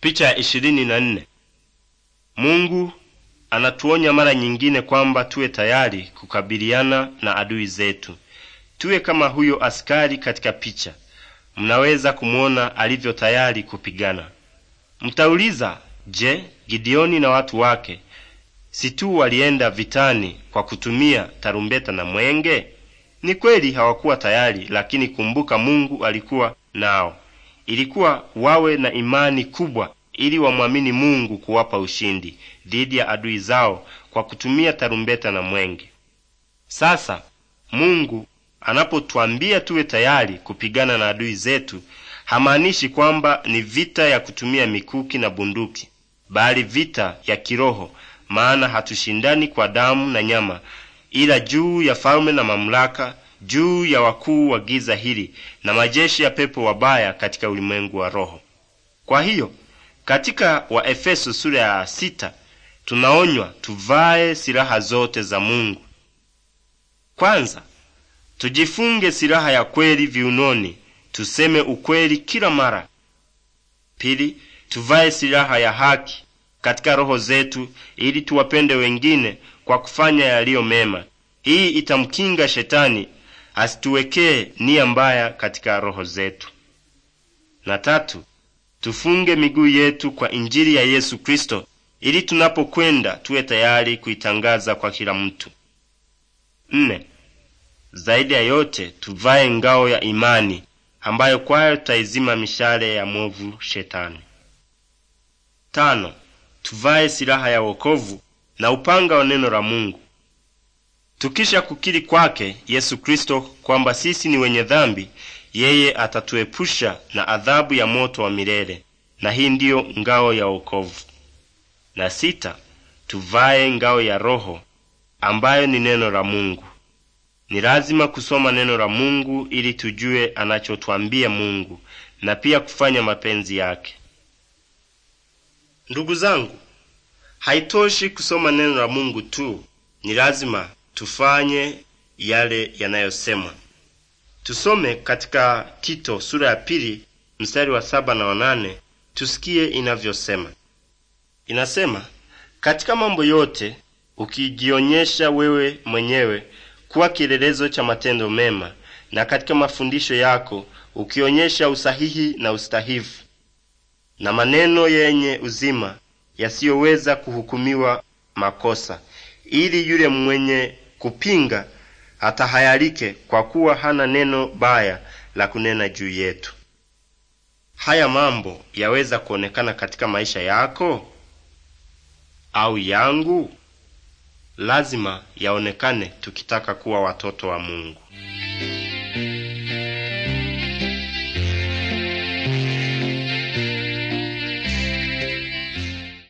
Picha ya ishirini na nne. Mungu anatuonya mara nyingine kwamba tuwe tayari kukabiliana na adui zetu. Tuwe kama huyo askari katika picha. Mnaweza kumwona alivyo tayari kupigana. Mtauliza, je, Gideoni na watu wake si tu walienda vitani kwa kutumia tarumbeta na mwenge? Ni kweli hawakuwa tayari, lakini kumbuka Mungu alikuwa nao ilikuwa wawe na imani kubwa ili wamwamini Mungu kuwapa ushindi dhidi ya adui zao kwa kutumia tarumbeta na mwenge. Sasa Mungu anapotwambia tuwe tayari kupigana na adui zetu, hamaanishi kwamba ni vita ya kutumia mikuki na bunduki, bali vita ya kiroho, maana hatushindani kwa damu na nyama, ila juu ya falme na mamlaka juu ya wakuu wa giza hili na majeshi ya pepo wabaya katika ulimwengu wa roho. Kwa hiyo katika Waefeso sura ya sita tunaonywa tuvae silaha zote za Mungu. Kwanza, tujifunge silaha ya kweli viunoni, tuseme ukweli kila mara. Pili, tuvae silaha ya haki katika roho zetu ili tuwapende wengine kwa kufanya yaliyo mema. Hii itamkinga shetani asituwekee nia mbaya katika roho zetu. Na tatu, tufunge miguu yetu kwa Injili ya Yesu Kristo ili tunapokwenda tuwe tayari kuitangaza kwa kila mtu. Nne, zaidi ya yote tuvae ngao ya imani ambayo kwayo tutaizima mishale ya mwovu Shetani. Tano, tuvae silaha ya wokovu na upanga wa neno la Mungu Tukisha kukiri kwake Yesu Kristo kwamba sisi ni wenye dhambi, yeye atatuepusha na adhabu ya moto wa milele, na hii ndiyo ngao ya wokovu. Na sita, tuvae ngao ya Roho ambayo ni neno la Mungu. Ni lazima kusoma neno la Mungu ili tujue anachotwambia Mungu na pia kufanya mapenzi yake. Ndugu zangu, haitoshi kusoma neno la Mungu tu, ni lazima tufanye yale yanayosemwa. Tusome katika Tito sura ya pili mstari wa saba na wanane tusikie inavyosema. Inasema, katika mambo yote ukijionyesha wewe mwenyewe kuwa kielelezo cha matendo mema, na katika mafundisho yako ukionyesha usahihi na ustahifu na maneno yenye uzima yasiyoweza kuhukumiwa makosa ili yule mwenye kupinga atahayalike kwa kuwa hana neno baya la kunena juu yetu. Haya mambo yaweza kuonekana katika maisha yako au yangu? Lazima yaonekane tukitaka kuwa watoto wa Mungu.